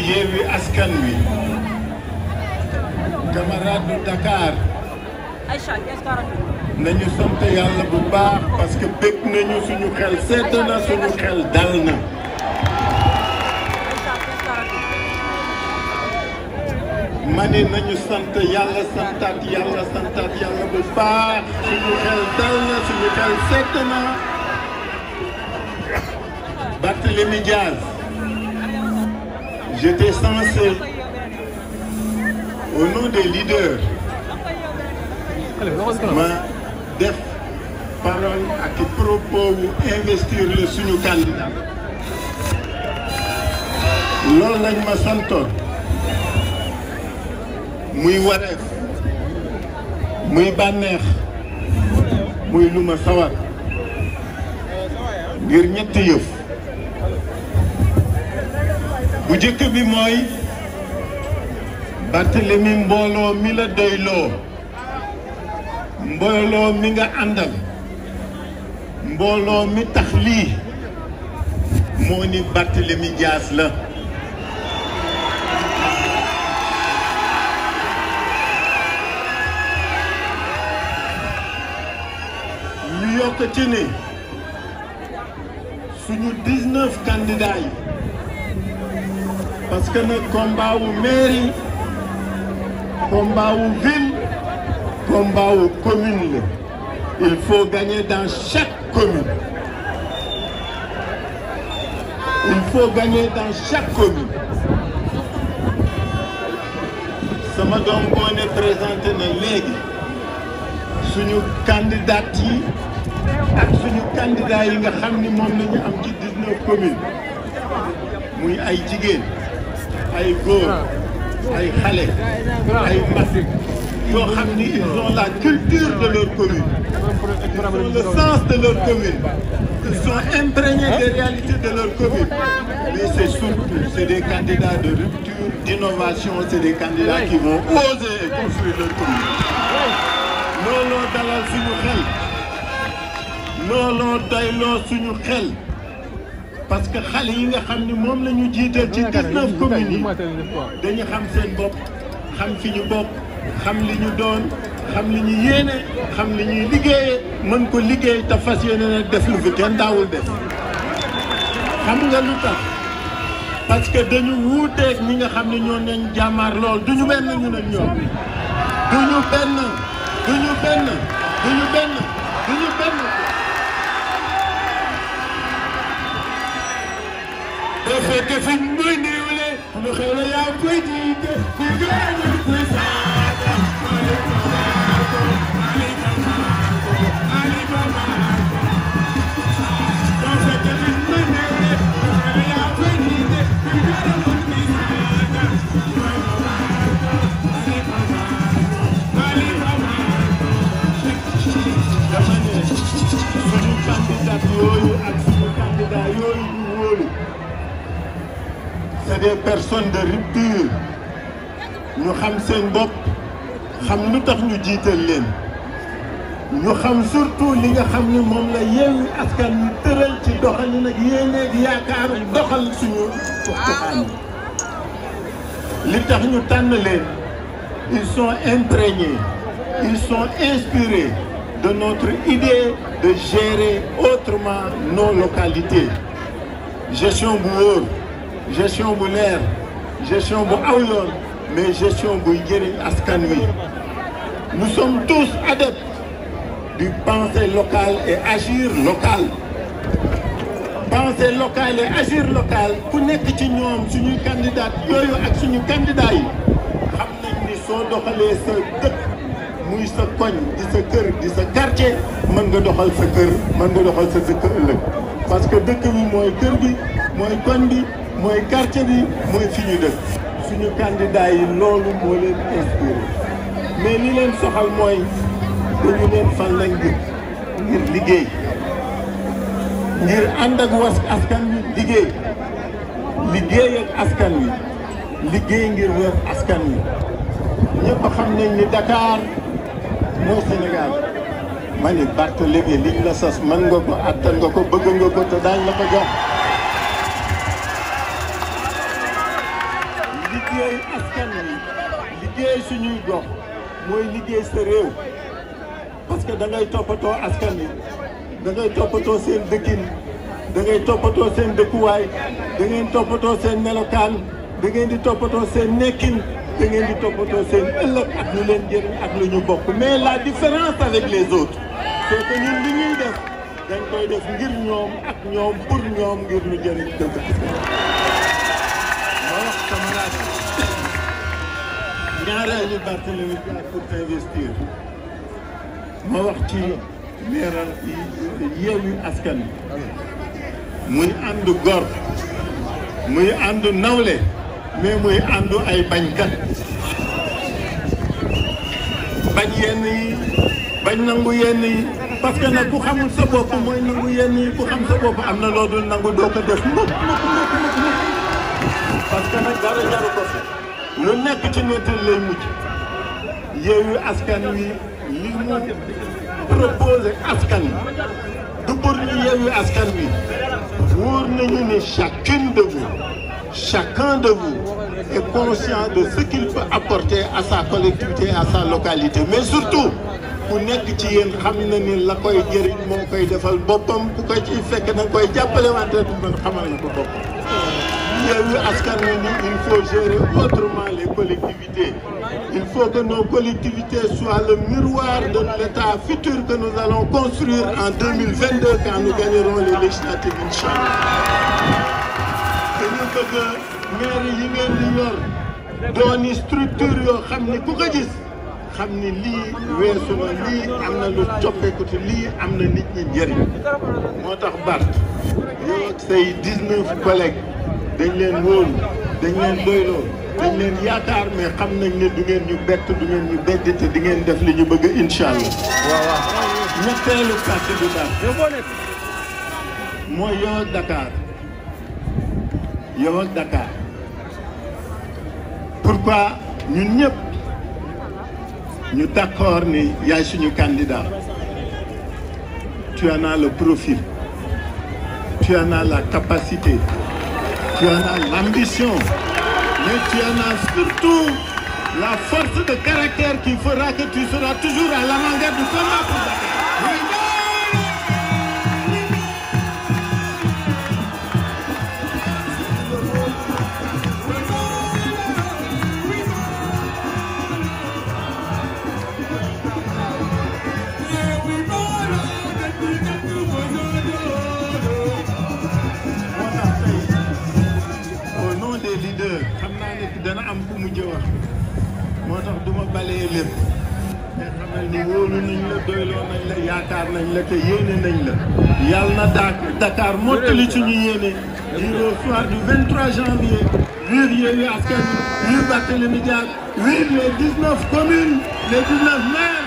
Yewwi Askan Wi camarade du Dakar nañu sant yàlla bu baax parce que bég nañu suñu xel seet na suñu xel dal na ma nañu sant yàlla santaat yàlla santaat yàlla bu baax suñu xel dal na suñu xel seet na Barthélémy Dias j'étais censé, au nom des leaders, ma def parole ak propos wu investir suñu candidat loolu lañ ma santoon muy wareef muy bànneex muy lu ma sawar ngir ñetti yëf bu jëkk bi mooy Barthélemy mbooloo mi la doyloo mbooloo mi nga àndal mbooloo mi tax lii moo ni Barthélemy Dias la ñu yokk ci ni suñu 19 candidats parce que nag combat wu mairie combat ville combat commune la il faut gagner dans chaque commune il faut gagner dans chaque commune sama doom boo ne na léegi suñu candidat yi ak suñu candidat yi nga xam ni moom la ñu am ci 19 communes muy ay jigéen ay góor ah. ay xale ay mag yoo xam ni ils ont la culture de leur commune ils le sens de leur commune ils sont imprégnés des réalités de leur commune mais c'est surtout c'est des candidats de rupture d'innovation c'est des candidats qui vont oser leur commune looloo dalal suñu xel looloo xel parce que xale yi nga xam ni moom la ñu jiital ci 19 communes yi dañu xam seen bopp xam fi ñu bokk xam li ñu doon xam li ñu yéene xam li ñuy liggéeyee mën ko liggéey te fas yéene na def lu fi kenn daawul def xam nga lu tax parce que dañu wuuteeg ñi nga xam ne ñoom nañ jàmmaar lool du ñu benn ñu ne ñoom du ñu benn du ñu benn du ñu benn fekk fi mu néewle lu xew la yaa koy jiite des personnes de rupture ñu xam seen bopp xam lu tax ñu jiital leen ñu xam surtout li nga xam ni moom la Yewwi Askan Wi tëral ci doxalin ak doxal suñu waxtaan tax ñu tànn leen ils sont imprégnés ils sont inspirés de notre idée de gérer autrement nos localités gestion bu wóor gestion bu leer gestion bu aw yoon mais gestion buy jëriñ askan wi nous sommes tous adeptes du penser local et agir local penser local et agir local ku nekk ci ñoom suñuy candidat yooyu ak suñu candidat yi xam ni soo doxalee sa dëkk muy sa koñ di sa kër di sa quartier mën nga doxal sa kër mën nga doxal sa dëkk ëllëg parce que dëkk bi mooy kër gi mooy koñ bi mooy quartier bi mooy fi ñu dëkk suñu candidat yi loolu moo leen inspiré mais li leen soxal mooy dañu leen fan lañ jëm ngir liggéey ngir ànd ak was askan wi liggéey liggéey ak askan wi liggéey ngir wër askan wi ñëpp xam nañ ni Dakar moo Sénégal ma ni Barthélémy liñ la sas mën nga ko attan nga ko bëgg nga ko te daañ la ko jox liggéey askan wi liggéey suñuy gox mooy liggéey sa réew parce que da ngay toppatoo askan wi da toppatoo seen dëkkin da ngay seen dëkkuwaay da ngeen toppatoo seen melokaan da ngeen di toppatoo seen nekkin da ngeen di toppatoo seen ëllëg ak lu leen jëriñ ak lu ñu bokk mais la différence avec les autres c'est que ñun li ñuy def dañ koy def ngir ñoom ak ñoom pour ñoom ngir ñu jëriñ dëkk ñaareelu Barthélémy Dias pour investir ma wax ci leeral Yewwi Askan Wi muy àndu gor muy àndu nawle mais muy àndu ay bañkat bañ yenn yi bañ nangu yenn yi parce que nag ku xamul sa bopp mooy nangu yenn yi ku xam sa bopp am na loo dul nangu doo ko def mukk mukk mukk mukk parce lu nekk ci nettal lay mujj Yewwi Askan Wi li mu proposé askan wi du pour ñu Yewwi Askan Wi wóor nañu ne chacune de vous chacun de vous est conscient de ce qu'il peut apporter à sa collectivité à localité mais surtout ku nekk ci yéen xam na ni la koy jëriñ moo koy defal boppam ku ko ci fekk na koy jàppale wante du xamal na ko boppam Yewwi Askan Wi ni il faut gérer autrement les collectivités il faut que nos collectivités soient le miroir de l'État futur que nous allons construire en 2022 quand nous gagnerons les législatives inchallah dañu bëgg maire yi ngeen di yor dooni structure yoo xam ni ku ko gis xam ni lii weesu na lii am na lu coppeeku te lii am na nit ñi njëriñ moo tax Bart yow ak say 19 collègues dañ leen wóolu dañ leen doyloo dañ leen yaakaar mais xam nañ ne du ngeen ñu bett du ngeen ñu bedd te di ngeen def li ñu bëgg incha allah. waaw ñetteelu pàcc bi daal. mooy yow dakaar Dakar yow ak Dakar pourquoi ñun ñëpp ñu d'accord ni yaay suñu candidat tu en as le profil tu la capacité. tu en a l'ambition, mais tu en as surtout la force de caractère qui fera que tu seras toujours à l'avant-garde du ni wóolu nañ la doyloo nañ la yaakaar nañ la te yéene nañ la yàlla na daa Dakar mottali ci ñu yéene di au soir du 23 janvier wéer Yewwi Askan Wi wéer Barthélémy Dias wéer les 19 communes les 19 maires